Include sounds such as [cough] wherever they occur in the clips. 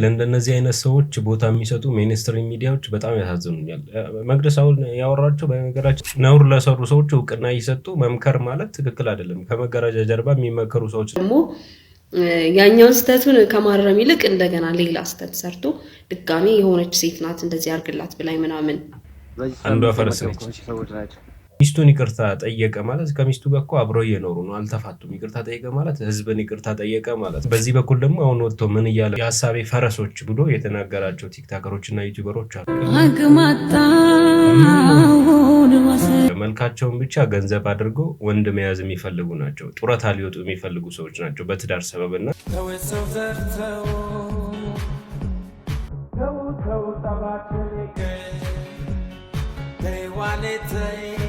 ለእንደነዚህ አይነት ሰዎች ቦታ የሚሰጡ ሜንስትሪም ሚዲያዎች በጣም ያሳዝኑኛል። መቅደስ አሁን ያወራቸው በነገራችን ነውር ለሰሩ ሰዎች እውቅና እየሰጡ መምከር ማለት ትክክል አይደለም። ከመጋረጃ ጀርባ የሚመከሩ ሰዎች ደግሞ ያኛውን ስህተቱን ከማረም ይልቅ እንደገና ሌላ ስህተት ሰርቶ ድጋሜ የሆነች ሴት ናት እንደዚህ አርግላት ብላይ ምናምን አንዷ ፈረስ ነች። ሚስቱን ይቅርታ ጠየቀ ማለት ከሚስቱ ጋር እኮ አብረው እየኖሩ ነው፣ አልተፋቱም። ይቅርታ ጠየቀ ማለት ህዝብን ይቅርታ ጠየቀ ማለት። በዚህ በኩል ደግሞ አሁን ወጥቶ ምን እያለ የሀሳቤ ፈረሶች ብሎ የተናገራቸው ቲክታከሮች እና ዩቲዩበሮች አሉ። መልካቸውን ብቻ ገንዘብ አድርገው ወንድ መያዝ የሚፈልጉ ናቸው። ጡረታ ሊወጡ የሚፈልጉ ሰዎች ናቸው በትዳር ሰበብና ተው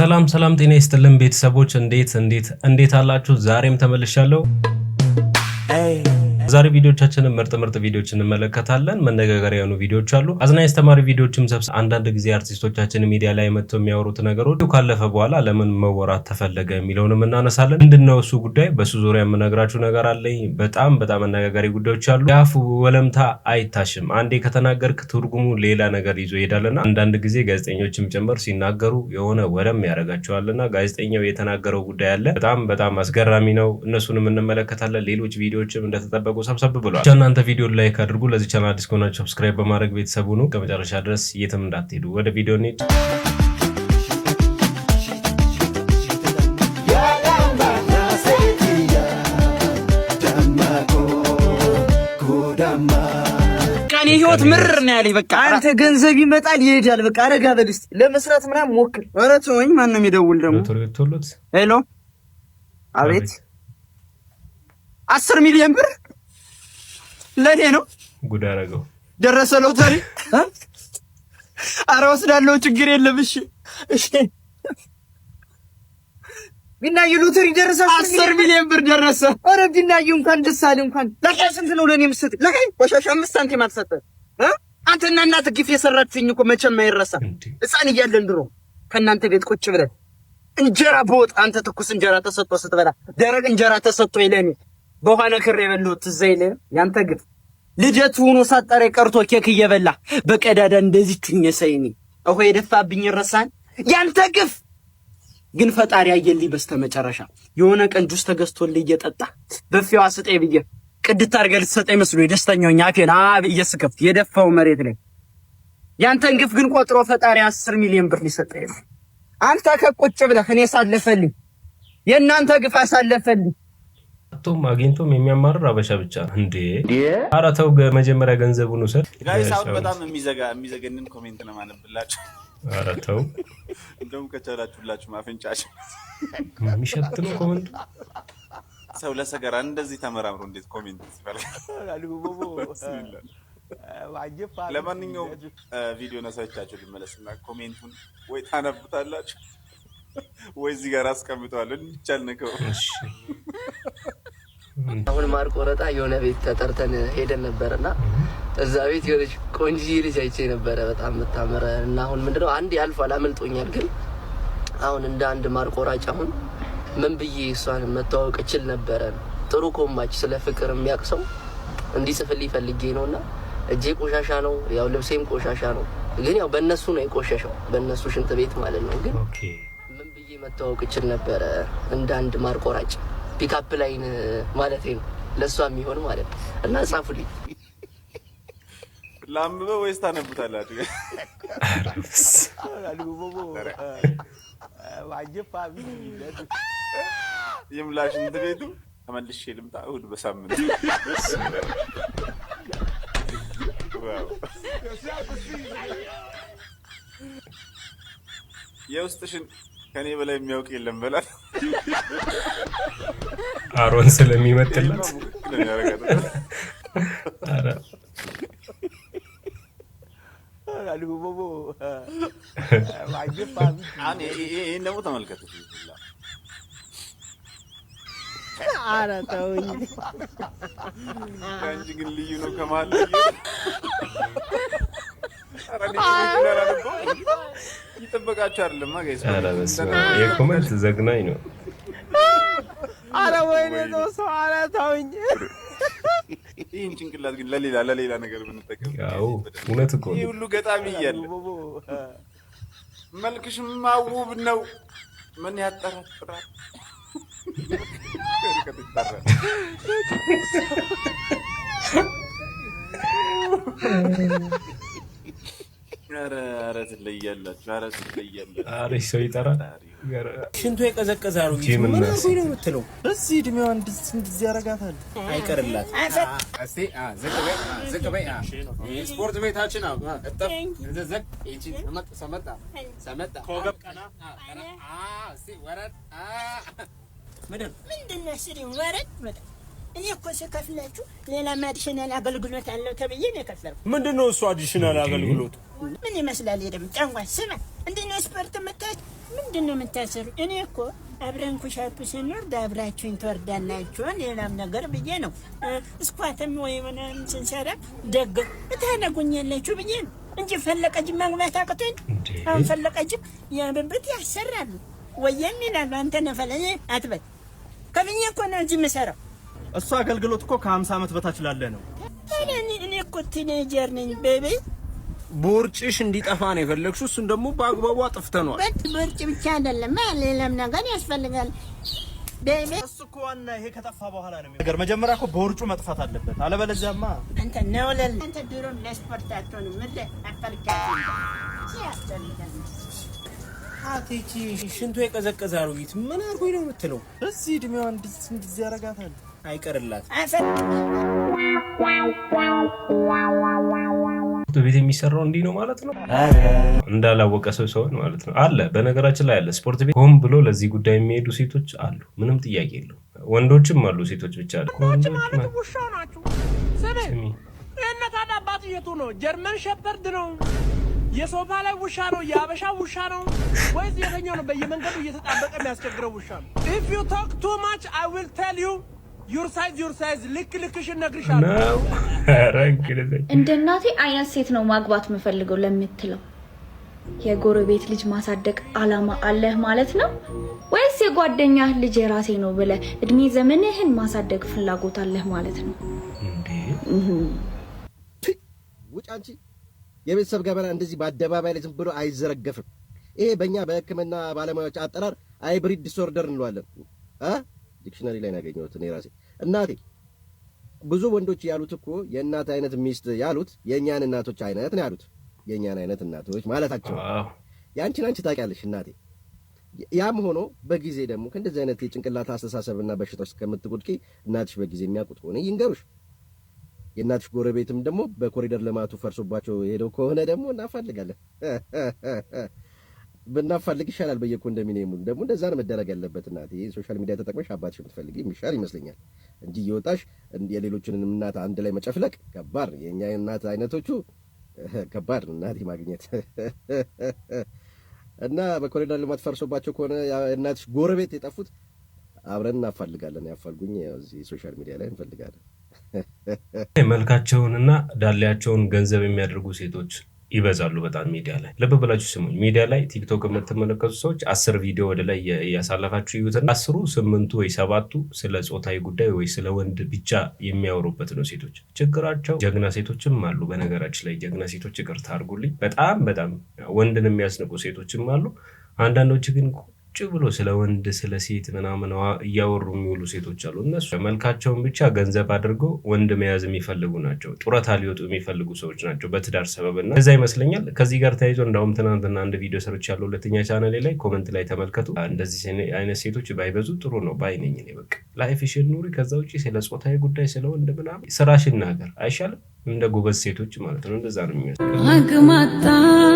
ሰላም ሰላም፣ ጤና ይስጥልን ቤተሰቦች፣ እንዴት እንዴት እንዴት አላችሁ? ዛሬም ተመልሻለሁ። ዛሬ ቪዲዮቻችንን ምርጥ ምርጥ ቪዲዮች እንመለከታለን። መነጋገሪያ የሆኑ ቪዲዮዎች አሉ። አዝናኝ አስተማሪ ቪዲዮዎችም ሰብስ አንዳንድ ጊዜ አርቲስቶቻችን ሚዲያ ላይ መጥተው የሚያወሩት ነገሮች ካለፈ በኋላ ለምን መወራት ተፈለገ የሚለውንም እናነሳለን። ምንድነው እሱ ጉዳይ? በሱ ዙሪያ የምነግራችሁ ነገር አለኝ። በጣም በጣም አነጋጋሪ ጉዳዮች አሉ። የአፍ ወለምታ አይታሽም። አንዴ ከተናገርክ ትርጉሙ ሌላ ነገር ይዞ ይሄዳልና አንዳንድ ጊዜ ጋዜጠኞችም ጭምር ሲናገሩ የሆነ ወለም ያደርጋቸዋልና ጋዜጠኛው የተናገረው ጉዳይ አለ። በጣም በጣም አስገራሚ ነው። እነሱንም እንመለከታለን። ሌሎች ቪዲዮዎችም እንደተጠበቁ አድርጎ ሰብሰብ ብሏል። ብቻ እናንተ ቪዲዮ ላይክ አድርጉ። ለዚህ ቻናል አዲስ ከሆናችሁ ሰብስክራይብ በማድረግ ቤተሰቡ ነው። ከመጨረሻ ድረስ የትም እንዳትሄዱ። ወደ ቪዲዮ እንሂድ። የህይወት ምር ነው ያለኝ። በቃ አንተ ገንዘብ ይመጣል ይሄዳል። በቃ አረጋ በል ለመስራት ምናምን ሞክር። ኧረ ተወኝ። ማን ነው የሚደውል ደግሞ? ሄሎ፣ አቤት። አስር ሚሊዮን ብር ለእኔ ነው። ጉድ አደረገው። ደረሰ ሎተሪ። ኧረ ወስዳለሁ፣ ችግር የለም። እሺ እሺ። ቢናዩ ሎተሪ ደረሰ፣ አስር ሚሊዮን ብር ደረሰ። ኧረ ቢናዩ እንኳን ደስ አለ። እንኳን ለካይ ስንት ነው ለእኔ የምትሰጥ? ለካይ ቆሻሻ አምስት ሳንቲም አልሰጠህ አንተና እናት ግፍ የሰራችሁኝ እኮ መቼም አይረሳ። ሕፃን እያለን ድሮ ከእናንተ ቤት ቁጭ ብለን እንጀራ በወጥ አንተ ትኩስ እንጀራ ተሰጥቶ ስትበላ ደረቅ እንጀራ ተሰጥቶ ይለኔ በኋላ ክር የበላሁት ትዝ ያንተ ግፍ ልደቱ ሆኖ ሳጠረ ቀርቶ ኬክ እየበላ በቀዳዳ እንደዚህ ቹኝ ሰይኒ እሆ የደፋብኝ ረሳን ያንተ ግፍ ግን ፈጣሪ አየልኝ። በስተመጨረሻ የሆነ ቀን ጁስ ተገዝቶልህ እየጠጣ በፊዋ ስጠኝ ብዬ ቅድት አድርገህ ልትሰጠኝ መስሎ ደስተኛውኝ አፌን አብ እየስከፍት የደፋው መሬት ላይ ያንተን ግፍ ግን ቆጥሮ ፈጣሪ አስር ሚሊዮን ብር ሊሰጠኝ ነው። አንተ ከቁጭ ብለህ እኔ ሳለፈልኝ የእናንተ ግፍ አሳለፈልኝ። አቶም አግኝቶም የሚያማርር አበሻ ብቻ እንዴ! ኧረ ተው መጀመሪያ ገንዘቡን ውሰድ። አሁን በጣም የሚዘገንን ኮሜንት ነው የማነብላቸው። ኧረ ተው እንደውም ከቻላችሁላችሁ አፍንጫችን የሚሸት ነው ኮመንቱ። ሰው ለሰገራ እንደዚህ ተመራምሮ እንዴት ኮሜንት ይባላል? ለማንኛውም ቪዲዮ ነሳቻቸው ልመለስና ኮሜንቱን ወይ ታነቡታላችሁ ወይ እዚህ ጋር አስቀምጠዋለሁ የሚቻል ነገር አሁን ማር ቆረጣ የሆነ ቤት ተጠርተን ሄደን ነበር እና እዛ ቤት የሆነች ቆንጂ ልጅ አይቼ ነበረ በጣም የምታምር እና አሁን ምንድነው አንድ ያልፎ አመልጦኛል። ግን አሁን እንደ አንድ ማር ቆራጭ አሁን ምን ብዬ እሷን መተዋወቅ እችል ነበረ። ጥሩ ኮማች ስለ ፍቅር የሚያውቅ ሰው እንዲጽፍልኝ ፈልጌ ነው እና እጄ ቆሻሻ ነው፣ ያው ልብሴም ቆሻሻ ነው። ግን ያው በእነሱ ነው የቆሸሸው፣ በእነሱ ሽንት ቤት ማለት ነው። ግን ምን ብዬ መተዋወቅ እችል ነበረ እንደ አንድ ማር ቆራጭ ፒካፕ ላይን uh, ማለት ነው ለእሷ የሚሆን ማለት ነው። እና ጻፉልኝ። ላምበ ወይስ ታነቡታላችሁ? ይምላሽ እንትን ቤቱ ተመልሼ ልምጣ እሑድ በሳምንት የውስጥሽን ከኔ በላይ የሚያውቅ የለም በላል። አሮን ስለሚመጥላት ይህን ደግሞ ተመልከት። ኧረ ተውኝ። ከአንቺ ግን ልዩ ነው ከመሀል ይጠበቃቸው አይደለም። የኮመንት ዘግናኝ ነው። አረ ወይኔ ሰው አረ ተውኝ። ይህን ጭንቅላት ግን ለሌላ ለሌላ ነገር ብንጠቀም እውነት እኮ ይህ ሁሉ ገጣሚ እያለ መልክሽማ ውብ ነው። ምን ያጠራጥራል? ኧረ ትለያላችሁ። ኧረ ትለያላችሁ። ሰው ይጠራል። ሽንቱ የቀዘቀዘ አሮጊት ምን ነው የምትለው? በዚህ እድሜዋ እንደዚህ ያረጋታል። አይቀርላት። ስፖርት ቤታችን እኔ እኮ ስከፍላችሁ ሌላም አዲሽናል አገልግሎት አለው ተብዬ ነው የከፈልኩት። ምንድን ነው እሱ አዲሽናል አገልግሎት? ምን ይመስላል? የደም ጫንጓ ስማ፣ እንዴት ነው ስፖርት የምታስ ምንድን ነው የምታሰሩ? እኔ እኮ አብረን ኩሻፕ ስንወርድ አብራችሁኝ ትወርዳላችሁን ሌላም ነገር ብዬ ነው። እስኳትም ወይ ምናምን ስንሰራ ደግ እታነጉኛላችሁ ብዬ ነው እንጂ ፈለቀጅም ማግባት አቅቶኝ። አሁን ፈለቀጅም ያብብት ያሰራሉ ወየም ይላሉ። አንተ ነፈለ አትበል ከብኝ እኮ ነው እዚህ የምሰራው። እሱ አገልግሎት እኮ ከሀምሳ ዓመት በታች ላለ ነው። እኔ እኮ ቲኔጀር ነኝ ቤቤ ቦርጭሽ እንዲጠፋ ነው የፈለግሽው። እሱን ደግሞ በአግባቡ አጥፍተነዋል። በት ቦርጭ ብቻ አይደለም ሌላም ነገር ያስፈልጋል። እሱ እኮ ዋና ይሄ ከጠፋ በኋላ ነው ነገር መጀመሪያ እኮ በውርጩ መጥፋት አለበት። አለበለዚያማ አንተ ነው ለል አንተ ድሮም ለስፖርት አትሆንም። ምድ አፈልካት አቴቺ ሽንቱ የቀዘቀዘ አሮጊት ምን አርጎ ነው የምትለው? እዚህ እድሜዋ እንዲዚህ ያረጋታል። አይቀርላት ቤት የሚሰራው እንዲህ ነው ማለት ነው። እንዳላወቀ ሰው ሰውን ማለት ነው አለ። በነገራችን ላይ አለ ስፖርት ቤት ሆን ብሎ ለዚህ ጉዳይ የሚሄዱ ሴቶች አሉ። ምንም ጥያቄ የለው። ወንዶችም አሉ፣ ሴቶች ብቻ አለ። የእናት አባት የቱ ነው? ጀርመን ሸፐርድ ነው? የሶፋ ላይ ውሻ ነው? የአበሻ ውሻ ነው ወይስ የተኛው ነው? በየመንገዱ እየተጣበቀ የሚያስቸግረው ውሻ ነው። ኢፍ ዩ ቶክ ቱ ማች አይ ዊል ቴል ዩ ዩር ሳይዝ ልክ ልክሽን እነግርሻለሁ። እንደ እናቴ አይነት ሴት ነው ማግባት የምፈልገው ለምትለው የጎረቤት ልጅ ማሳደግ አላማ አለህ ማለት ነው ወይስ የጓደኛህ ልጅ የራሴ ነው ብለህ እድሜ ዘመንህን ማሳደግ ፍላጎት አለህ ማለት ነው? ውጭ አንቺ የቤተሰብ ገበና እንደዚህ በአደባባይ ላይ ዝም ብሎ አይዘረገፍም። ይሄ በእኛ በሕክምና ባለሙያዎች አጠራር ሃይብሪድ ዲስኦርደር እንለዋለን። ዲክሽነሪ ላይ ያገኘሁት እኔ ራሴ እናቴ ብዙ ወንዶች ያሉት እኮ የእናት አይነት ሚስት ያሉት የእኛን እናቶች አይነት ነው ያሉት። የእኛን አይነት እናቶች ማለታቸው የአንቺን አንቺ ታውቂያለሽ እናቴ። ያም ሆኖ በጊዜ ደግሞ ከእንደዚህ አይነት የጭንቅላት አስተሳሰብና በሽታዎች እስከምትቁድቂ እናትሽ በጊዜ የሚያውቁት ከሆነ ይንገሩሽ። የእናትሽ ጎረቤትም ደግሞ በኮሪደር ልማቱ ፈርሶባቸው ሄደው ከሆነ ደግሞ እናፋልጋለን። [laughs] ብናፋልግ ይሻላል። በየኮንዶሚኒየሙ ደግሞ እንደዛ ነው መደረግ ያለበት። እናቴ ሶሻል ሚዲያ ተጠቅመሽ አባትሽ የምትፈልግ የሚሻል ይመስለኛል እንጂ እየወጣሽ የሌሎችንን እናት አንድ ላይ መጨፍለቅ ከባድ። የእኛ እናት አይነቶቹ [laughs] ከባድ እናቴ ማግኘት [laughs] እና በኮሪደር ልማት ፈርሶባቸው ከሆነ እናትሽ ጎረቤት የጠፉት አብረን እናፋልጋለን። ያፋልጉኝ እዚህ ሶሻል ሚዲያ ላይ እንፈልጋለን። [laughs] መልካቸውንና ዳሌያቸውን ገንዘብ የሚያደርጉ ሴቶች ይበዛሉ በጣም ሚዲያ ላይ። ልብ ብላችሁ ስሙኝ። ሚዲያ ላይ ቲክቶክ የምትመለከቱ ሰዎች አስር ቪዲዮ ወደ ላይ እያሳለፋችሁ ይዩትና አስሩ ስምንቱ ወይ ሰባቱ ስለ ጾታዊ ጉዳይ ወይ ስለ ወንድ ብቻ የሚያወሩበት ነው። ሴቶች ችግራቸው ጀግና ሴቶችም አሉ። በነገራችን ላይ ጀግና ሴቶች ይቅርታ አድርጉልኝ፣ በጣም በጣም ወንድን የሚያስንቁ ሴቶችም አሉ። አንዳንዶች ግን ብሎ ስለ ወንድ ስለ ሴት ምናምን እያወሩ የሚውሉ ሴቶች አሉ። እነሱ መልካቸውን ብቻ ገንዘብ አድርገው ወንድ መያዝ የሚፈልጉ ናቸው። ጡረታ ሊወጡ የሚፈልጉ ሰዎች ናቸው በትዳር ሰበብና ከዛ ይመስለኛል። ከዚህ ጋር ተያይዞ እንዳሁም ትናንትና አንድ ቪዲዮ ሰርች ያለው ሁለተኛ ቻናሌ ላይ ኮመንት ላይ ተመልከቱ። እንደዚህ አይነት ሴቶች ባይበዙ ጥሩ ነው ባይነኝ። በቃ ላይፍሽን ኑሪ። ከዛ ውጭ ስለ ጾታዊ ጉዳይ ስለ ወንድ ምናምን ስራሽ ናገር አይሻልም? እንደ ጎበዝ ሴቶች ማለት ነው። እንደዛ ነው የሚመስለው።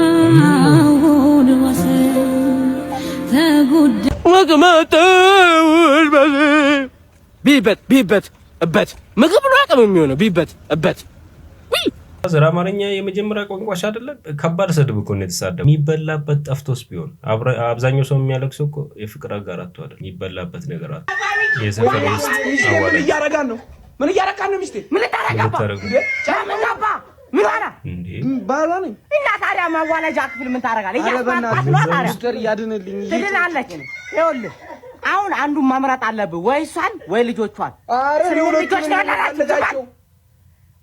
ቢበት ቢበት እበት ምግብ ነው አቅም የሚሆነው ቢበት እበት ስራ አማርኛ የመጀመሪያ ቋንቋሽ አይደለም። ከባድ ስድብ እኮ ነው የተሳደበው። የሚበላበት ጠፍቶስ ቢሆን አብዛኛው ሰው የሚያለቅሰው እኮ የፍቅር አይደል? የሚበላበት ነገር አለ። የሰፈር ውስጥ ምን እያረጋን ነው? ምን እያረጋን ነው? ሚስቴ ምን ታረጋባ ምን ሆና ባሏ ነኝ እና ታዲያ ማዋለጃ ክፍል ምን ታደርጋለህ? አሁን አንዱን መምረጥ አለብህ፣ ወይ እሷን ወይ ልጆቿን።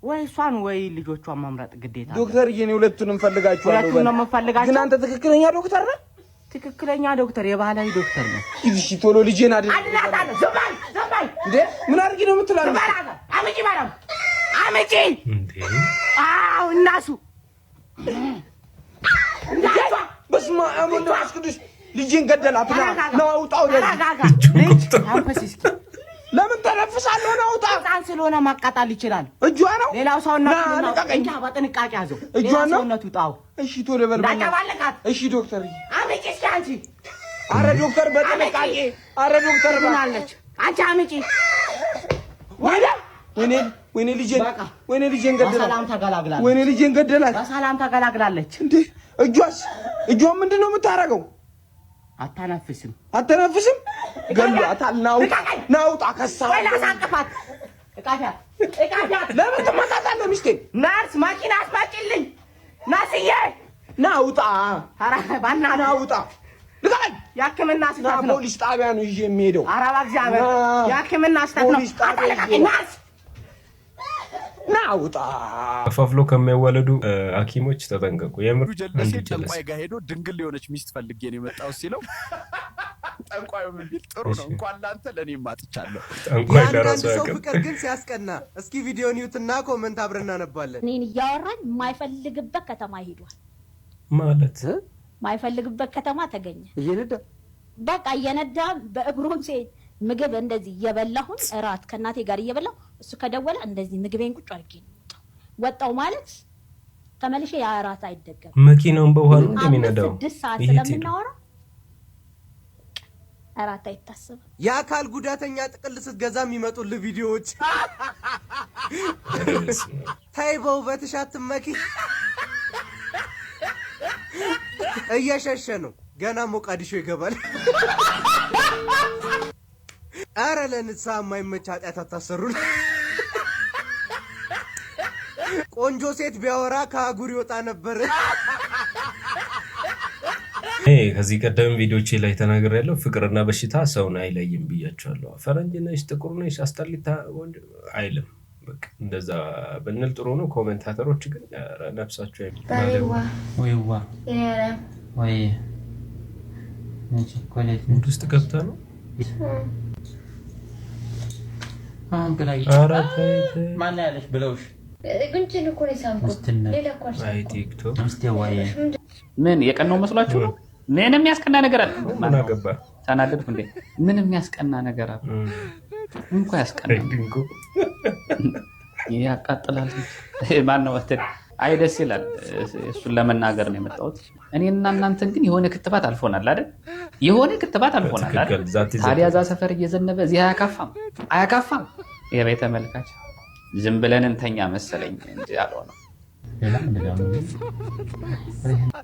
ወይ እሷን ወይ ልጆቿን መምረጥ ግዴታ። ዶክተር እኔ ሁለቱንም ፈልጋቸዋለሁ። ሁለቱን ነው ግን አንተ ትክክለኛ ዶክተር ነህ። ትክክለኛ ዶክተር የባህላዊ ዶክተር ነው። እሺ ቶሎ ልጄን አድን። ምን አድርጊ ነው የምትላለህ? አምጪ፣ በደምብ አምጪ አዎ እናሱ በስመ አብ ወወልድ ወመንፈስ ቅዱስ ልጄን ገደላት። ነው አውጣ። ለምን ተነፍሳለሁ? ነው አውጣ። ሕፃን ስለሆነ ማቃጣል ይችላል። እጇ ነው። ሌላው ሰውነቱ በጥንቃቄ ያዘው። እጇ ነው። እሺ ቶሎ በል እሺ ዶክተር፣ አምጪ እስኪ አንቺ። ኧረ ዶክተር በጥንቃቄ ኧረ ዶክተር፣ ምን አለች አንቺ? አምጪ ወደ ወይኔ ልጄን ወይኔ ልጄን ገደላት። በሰላም ተገላግላለች። እንዴ እጇስ እጇን ምንድን ነው የምታደርገው? አታናፍስም አታናፍስም። ገሏት። ናውጣ ናውጣ። ከሳ ላሳቅፋት። ለምን ትመጣታለህ? ሚስቴ ነርስ መኪና አስመጪልኝ። ናስዬ ናውጣ፣ ናውጣ የሕክምና ስህተት ነው። ፖሊስ ጣቢያ ነው ይዤ የሚሄደው። ኧረ በእግዚአብሔር የሕክምና ስህተት ነው። ናውጣ ከፋፍሎ ከሚያዋለዱ ሐኪሞች ተጠንቀቁ። የምር ጀለሴ ጠንቋይ ጋር ሄዶ ድንግል ሊሆነች ሚስት ፈልጌ ነው የመጣው ሲለው ጠንቋዩ የሚል ጥሩ ነው። እንኳን ለአንተ ለእኔ ማጥቻለሁ። የአንዳንድ ሰው ፍቅር ግን ሲያስቀና። እስኪ ቪዲዮ ኒውት ኮመንት አብረን እናነባለን። እኔን እያወራኝ የማይፈልግበት ከተማ ሄዷል ማለት የማይፈልግበት ከተማ ተገኘ። እየነዳ በቃ እየነዳ በእግሮን ሲሄድ ምግብ እንደዚህ እየበላሁን እራት ከእናቴ ጋር እየበላሁ እሱ ከደወለ እንደዚህ ምግቤን ቁጭ አድርጌ ወጣው ማለት ተመልሼ ያ እራት አይደገም። መኪናውን በውሃ ነው እንደሚነዳው ስድስት ሰዓት ስለምናወራ እራት አይታሰብም። የአካል ጉዳተኛ ጥቅል ስትገዛ የሚመጡል ቪዲዮዎች ተይ፣ በውበትሽ አትመኪ። እየሸሸ ነው ገና ሞቃዲሾ ይገባል። አረ ለንሳ የማይመች ኃጢአት አታሰሩን። [laughs] ቆንጆ ሴት ቢያወራ ከአጉር ይወጣ ነበር። ከዚህ ቀደም ቪዲዮቼ ላይ ተናገር ያለው ፍቅርና በሽታ ሰውን አይለይም ብያቸዋለሁ። ፈረንጅ ነሽ፣ ጥቁር ነሽ፣ አስጠሊታ ወንድ አይልም። በቃ እንደዛ ብንል ጥሩ ነው። ኮሜንታተሮች ግን ነፍሳቸው ውስጥ ገብተ ነው ማን ያለሽ ብለውሽ ምን የቀናው መስሏችሁ ነው? ምን የሚያስቀና ነገር አለ? ተናደድኩ እንዴ? ምን የሚያስቀና ነገር አለ? እንኳ ያስቀና ያቃጥላል። ማነው አይ ደስ ይላል። እሱን ለመናገር ነው የመጣሁት። እኔና እናንተን ግን የሆነ ክትባት አልፎናል አይደል? የሆነ ክትባት አልፎናል አይደል? ታዲያ እዛ ሰፈር እየዘነበ እዚህ አያካፋም፣ አያካፋም የቤተ ተመልካች ዝም ብለን እንተኛ መሰለኝ እንጂ አልሆነም።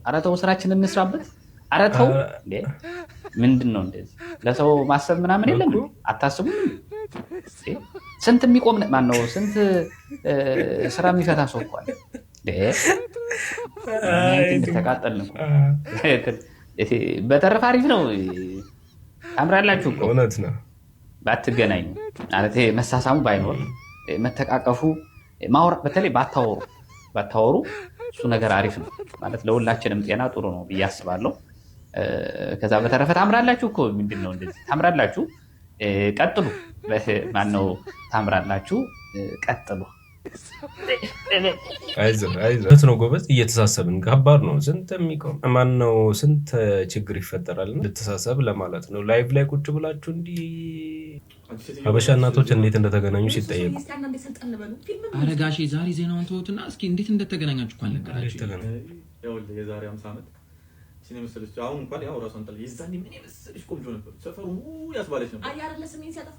ኧረ ተው ስራችን እንስራበት። ኧረ ተው ምንድን ነው እንደዚህ ለሰው ማሰብ ምናምን የለም አታስቡም። ስንት የሚቆም ማነው? ስንት ስራ የሚፈታ ሰው እኳ ተቃጠል። በተረፈ አሪፍ ነው። ታምራላችሁ እኮ እውነት ነው። ባትገናኙ ማለት መሳሳሙ ባይኖር መተቃቀፉ በተለይ ባታወሩ ባታወሩ እሱ ነገር አሪፍ ነው ማለት ለሁላችንም ጤና ጥሩ ነው ብዬ አስባለሁ። ከዛ በተረፈ ታምራላችሁ እኮ ምንድን ነው እንደዚህ ታምራላችሁ፣ ቀጥሉ። ማነው ታምራላችሁ፣ ቀጥሉ። አይዞህ ነው ጎበዝ፣ እየተሳሰብን ከባድ ነው። ስንት የሚቆም ማን ነው? ስንት ችግር ይፈጠራል። እንድተሳሰብ ለማለት ነው። ላይቭ ላይ ቁጭ ብላችሁ እንዲህ ሀበሻ እናቶች እንዴት እንደተገናኙ ሲጠየቁ፣ ኧረ ጋሼ ዛሬ ዜናውን ተውትና እስኪ እንዴት እንደተገናኛችሁ እንኳን ሲያጠፋ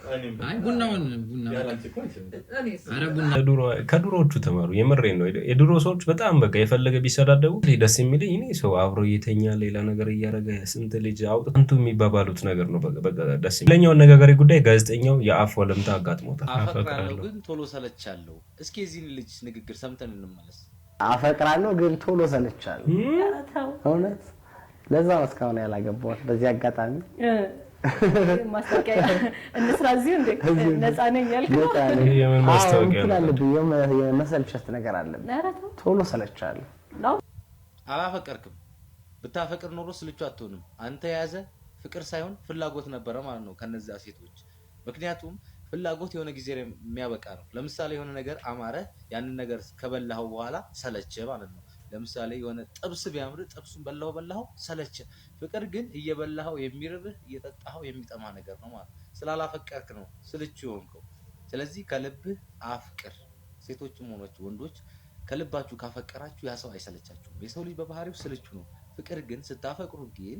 ከድሮዎቹ ተማሩ። የምሬን ነው። የድሮ ሰዎች በጣም በቃ የፈለገ ቢሰዳደቡ ደስ የሚለኝ እኔ ሰው አብሮ እየተኛ ሌላ ነገር እያደረገ ስንት ልጅ አውጥቶ አንቱ የሚባባሉት ነገር ነው። ደስ ለኛው አነጋጋሪ ጉዳይ ጋዜጠኛው የአፍ ወለምታ አጋጥሞታል። አፈቅራለሁ ግን ቶሎ ሰለቻለሁ። እስኪ የዚህን ልጅ ንግግር ሰምተን እንመለስ። አፈቅራለሁ ግን ቶሎ ሰለቻለሁ። እውነት ለዛ ነው እስካሁን ያላገባሁት። በዚህ አጋጣሚ የመሰልቸት ነገር አለብኝ። ቶሎ ሰለቻለሁ። አላፈቀርክም። ብታፈቅር ኖሮ ስልቹ አትሆንም። አንተ የያዘ ፍቅር ሳይሆን ፍላጎት ነበረ ማለት ነው ከነዚያ ሴቶች። ምክንያቱም ፍላጎት የሆነ ጊዜ የሚያበቃ ነው። ለምሳሌ የሆነ ነገር አማረ፣ ያንን ነገር ከበላኸው በኋላ ሰለቸ ማለት ነው። ለምሳሌ የሆነ ጥብስ ቢያምር ጥብሱን በላው በላው ሰለች። ፍቅር ግን እየበላኸው የሚርብህ እየጠጣኸው የሚጠማ ነገር ነው ማለት ስላላፈቀርክ ነው ስልቹ የሆንከው። ስለዚህ ከልብህ አፍቅር። ሴቶችም ሆኖች ወንዶች ከልባችሁ ካፈቀራችሁ ያ ሰው አይሰለቻችሁም። የሰው ልጅ በባህሪው ስልቹ ነው። ፍቅር ግን ስታፈቅሩ ግን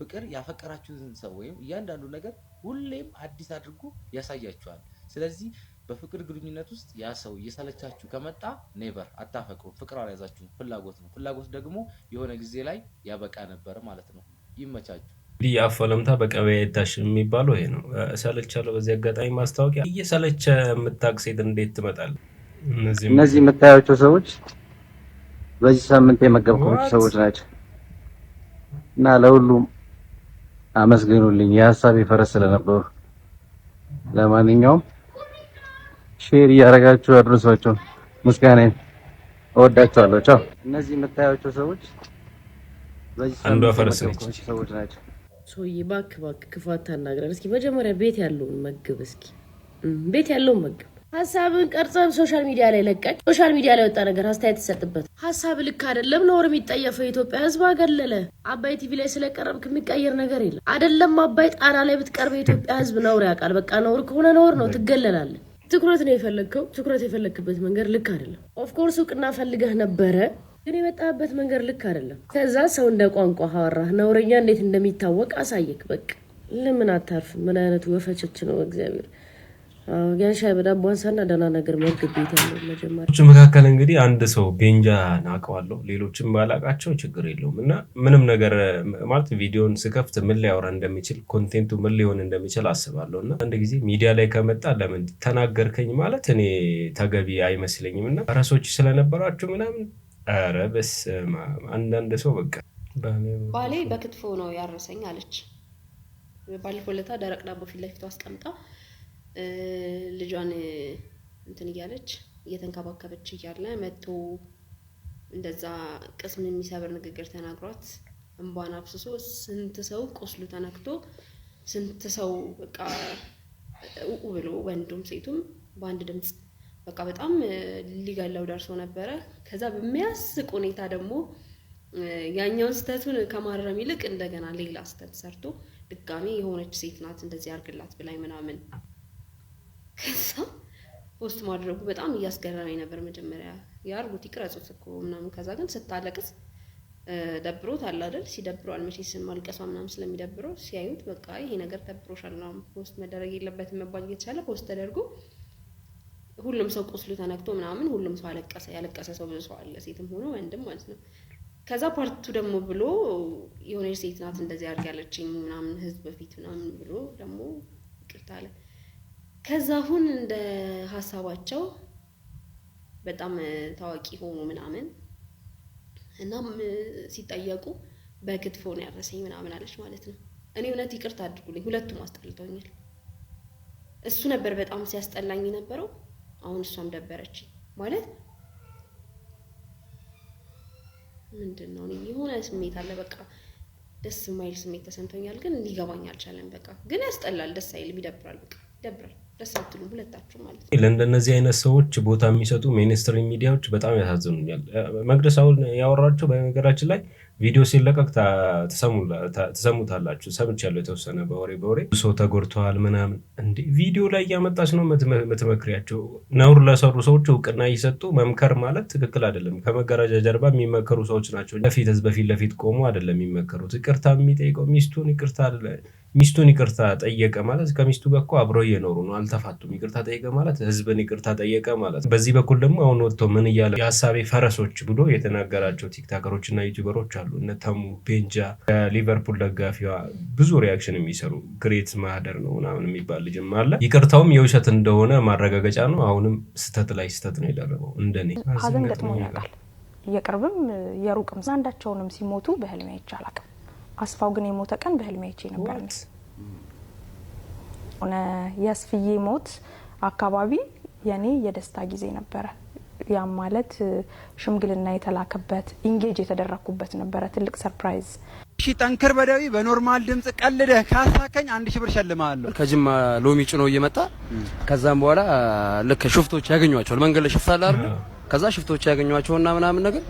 ፍቅር ያፈቀራችሁትን ሰው ወይም እያንዳንዱ ነገር ሁሌም አዲስ አድርጎ ያሳያችኋል። ስለዚህ በፍቅር ግንኙነት ውስጥ ያ ሰው እየሰለቻችሁ ከመጣ ኔቨር አታፈቅሩ። ፍቅር አልያዛችሁም፣ ፍላጎት ነው። ፍላጎት ደግሞ የሆነ ጊዜ ላይ ያበቃ ነበር ማለት ነው። ይመቻችሁ። እንግዲህ የአፈለምታ በቀበያ የታሽ የሚባለው ይሄ ነው። ሰለቻለሁ። በዚህ አጋጣሚ ማስታወቂያ እየሰለቸ የምታውቅ ሴት እንዴት ትመጣል? እነዚህ የምታያቸው ሰዎች በዚህ ሳምንት የመገብኳቸው ሰዎች ናቸው እና ለሁሉም አመስግኑልኝ የሀሳብ የፈረስ ስለነበሩ ለማንኛውም ሼር እያደረጋችሁ አድርሷቸው። ምስጋና እወዳቸዋለሁ። ቻው። እነዚህ የምታያቸው ሰዎች አንዷ ፈረስ ሰውዬ እባክህ እባክህ ክፋት ታናግረን። እስኪ መጀመሪያ ቤት ያለውን መግብ፣ እስኪ ቤት ያለውን መግብ ሀሳብን ቀርጸህ ሶሻል ሚዲያ ላይ ለቀቅ። ሶሻል ሚዲያ ላይ ወጣ ነገር አስተያየት ትሰጥበት። ሀሳብ ልክ አይደለም። ነውር የሚጠየፈው የኢትዮጵያ ሕዝብ አገለለ። አባይ ቲቪ ላይ ስለቀረብክ የሚቀየር ነገር የለም። አይደለም አባይ ጣና ላይ ብትቀርበ የኢትዮጵያ ሕዝብ ነውር ያውቃል። በቃ ነውር ከሆነ ነውር ነው፣ ትገለላለህ። ትኩረት ነው የፈለግከው። ትኩረት የፈለግክበት መንገድ ልክ አይደለም። ኦፍኮርስ እውቅና ፈልገህ ነበረ፣ ግን የመጣበት መንገድ ልክ አይደለም። ከዛ ሰው እንደ ቋንቋ አወራህ። ነውረኛ እንዴት እንደሚታወቅ አሳየክ። በቃ ለምን አታርፍ? ምን አይነት ወፈቸች ነው እግዚአብሔር ያን ደህና ነገር መግብ ቤት ያለው መጀመሪያ መካከል እንግዲህ አንድ ሰው ቤንጃ ናቀዋለሁ ሌሎችም ባላቃቸው ችግር የለውም እና ምንም ነገር ማለት ቪዲዮን ስከፍት ምን ሊያወራ እንደሚችል ኮንቴንቱ ምን ሊሆን እንደሚችል አስባለሁ እና አንድ ጊዜ ሚዲያ ላይ ከመጣ ለምን ተናገርከኝ ማለት እኔ ተገቢ አይመስለኝም እና ረሶች ስለነበራችሁ ምናምን ኧረ በስመ አብ አንዳንድ ሰው በቃ ባሌ በክትፎ ነው ያረሰኝ አለች ባለፈው ዕለት ደረቅ ዳቦ ፊት ለፊቱ አስቀምጣ ልጇን እንትን እያለች እየተንከባከበች እያለ መጥቶ እንደዛ ቅስም የሚሰብር ንግግር ተናግሯት እንባን አፍስሶ ስንት ሰው ቁስሉ ተነክቶ ስንት ሰው በቃ ውቁ ብሎ ወንዱም ሴቱም በአንድ ድምፅ በቃ በጣም ሊገላው ደርሶ ነበረ። ከዛ በሚያስቅ ሁኔታ ደግሞ ያኛውን ስህተቱን ከማረም ይልቅ እንደገና ሌላ ስህተት ሰርቶ ድጋሜ የሆነች ሴት ናት እንደዚህ አርግላት ብላይ ምናምን ከዛ ፖስት ማድረጉ በጣም እያስገረመኝ ነበር። መጀመሪያ ያርጉት ይቅረጹት እኮ ምናምን። ከዛ ግን ስታለቅስ ደብሮት አለ አይደል? ሲደብረዋል መቼስ ማልቀሷ ምናምን ስለሚደብረው ሲያዩት በቃ ይሄ ነገር ደብሮሻል ምናምን ፖስት መደረግ የለበትም መባል እየተቻለ ፖስት ተደርጎ ሁሉም ሰው ቁስሉ ተነክቶ ምናምን ሁሉም ሰው አለቀሰ። ያለቀሰ ሰው ብዙ ሰው አለ፣ ሴትም ሆኖ ወንድም ማለት ነው። ከዛ ፓርቱ ደግሞ ብሎ የሆነች ሴት ናት እንደዚህ ያለችኝ ምናምን ህዝብ በፊት ምናምን ብሎ ደግሞ ይቅርታ አለ። ከዛ አሁን እንደ ሀሳባቸው በጣም ታዋቂ ሆኑ ምናምን እናም ሲጠየቁ በክትፎ ነው ያረሰኝ ምናምን አለች ማለት ነው። እኔ እውነት ይቅርታ አድርጉልኝ፣ ሁለቱም አስጠልተውኛል። እሱ ነበር በጣም ሲያስጠላኝ የነበረው። አሁን እሷም ደበረች ማለት ምንድን ነው የሆነ ስሜት አለ በቃ ደስ የማይል ስሜት ተሰምቶኛል፣ ግን ሊገባኝ አልቻለም። በቃ ግን ያስጠላል፣ ደስ አይልም፣ ይደብራል። በቃ ይደብራል። ደስ ሁለታችሁ ማለት ነው። ለእንደነዚህ አይነት ሰዎች ቦታ የሚሰጡ ሜንስትሪም ሚዲያዎች በጣም ያሳዝኑኛል። መቅደስ አሁን ያወራቸው በነገራችን ላይ ቪዲዮ ሲለቀቅ ትሰሙታላችሁ። ሰምቻለሁ የተወሰነ በወሬ በወሬ ሰው ተጎድተዋል ምናምን። እንደ ቪዲዮ ላይ እያመጣች ነው የምትመክሪያቸው። ነውር ለሰሩ ሰዎች እውቅና እየሰጡ መምከር ማለት ትክክል አይደለም። ከመጋረጃ ጀርባ የሚመከሩ ሰዎች ናቸው። ለፊት ህዝብ በፊት ለፊት ቆሞ አይደለም የሚመከሩት። ይቅርታ የሚጠይቀው ሚስቱን ይቅርታ ሚስቱን ይቅርታ ጠየቀ ማለት ከሚስቱ ጋር እኮ አብረው እየኖሩ ነው፣ አልተፋቱም። ይቅርታ ጠየቀ ማለት ህዝብን ይቅርታ ጠየቀ ማለት። በዚህ በኩል ደግሞ አሁን ወጥቶ ምን እያለ የሀሳቤ ፈረሶች ብሎ የተናገራቸው ቲክታከሮች እና ዩቲዩበሮች አሉ። አሉ። እነ ተሙ ቤንጃ፣ ሊቨርፑል ደጋፊዋ ብዙ ሪያክሽን የሚሰሩ ግሬት ማህደር ነው ምናምን የሚባል ልጅም አለ። ይቅርታውም የውሸት እንደሆነ ማረጋገጫ ነው። አሁንም ስህተት ላይ ስህተት ነው የደረበው። እንደኔ ሀዘን ገጥሞ ያውቃል። የቅርብም የሩቅም አንዳቸውንም ሲሞቱ በህልሜ አይቼ አላውቅም። አስፋው ግን የሞተ ቀን በህልሜ አይቼ ነበር። የስፍዬ ሞት አካባቢ የኔ የደስታ ጊዜ ነበረ። ያም ማለት ሽምግልና የተላከበት ኢንጌጅ የተደረግኩበት ነበረ። ትልቅ ሰርፕራይዝ። እሺ ጠንክር በደዊ በኖርማል ድምጽ ቀልደህ ካሳከኝ አንድ ሺህ ብር ሸልምሃለሁ። ከጅማ ሎሚ ጭኖ እየመጣ ከዛም በኋላ ልክ ሽፍቶች ያገኟቸዋል። መንገድ ላይ ሽፍታ አለ አይደል? ከዛ ሽፍቶች ያገኟቸውና ምናምን ነገር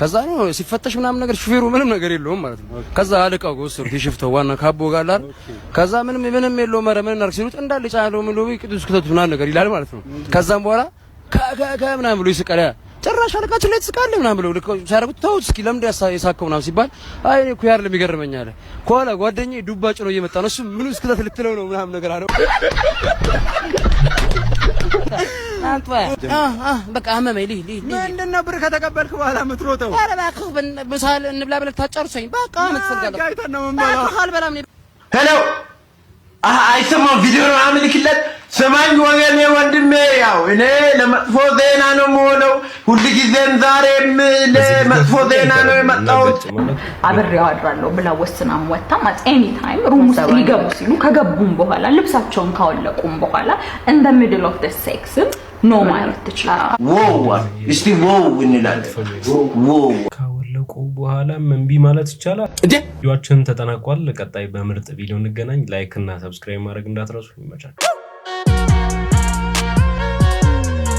ከዛ ነው ሲፈተሽ ምናምን ነገር ሹፌሩ ምንም ነገር የለውም ማለት ነው። ከዛ አልቀው ወሰዱት የሽፍተው ዋና ካቦ ጋር አለ አይደል? ከዛ ምንም ምንም የለውም ኧረ ምን እናድርግ ሲሉት እንዳለ ጫለው ምን ሎሚ ቅዱስ ክተቱና ነገር ይላል ማለት ነው። ከዛም በኋላ ከምናምን ብሎ ይስቃል። ጭራሽ አለቃችን ላይ ትስቃለህ ምናምን ብለው ልክ ሲያደርጉት ተውት እስኪ ለምን የሳቀው ምናምን ሲባል አይ እኔ እኮ ያርል የሚገርመኝ አለ ከኋላ ጓደኛዬ ዱባ ጭኖ እየመጣ ነው እሱ ምን እስክታት ልትለው ነው ምናምን ነገር አለው። በቃ አመመኝ። ልሂድ ልሂድ። ምንድን ነው ብር ከተቀበልክ በኋላ የምትሮጠው? ኧረ እባክህ ምሳል እንብላ ብለህ ታጨርሰኝ። በቃ የምትፈልገው ሄሎ፣ አይሰማም ቪዲዮ ነው አምልክለት ስማኝ ወገኔ ወንድሜ፣ ያው እኔ ለመጥፎ ዜና ነው የምሆነው ሁልጊዜም፣ ዛሬም ለመጥፎ ዜና ነው የመጣሁት። አብሬው አድራለሁ ብላ ወስናም ወጣም አት ኤኒ ታይም ሩም ውስጥ ሊገቡ ሲሉ ከገቡም በኋላ ልብሳቸውን ካወለቁም በኋላ እንደ ሚድል ኦፍ ደ ሴክስ ኖ ማለት ትችላለህ። ዎው እስቲ ዎው እንላለን። ዎው ካወለቁ በኋላ እምቢ ማለት ይቻላል። ቪዲዮአችን ተጠናቋል። ቀጣይ በምርጥ ቪዲዮ እንገናኝ። ላይክ እና ሰብስክራይብ ማድረግ እንዳትረሱ። ይመቻል።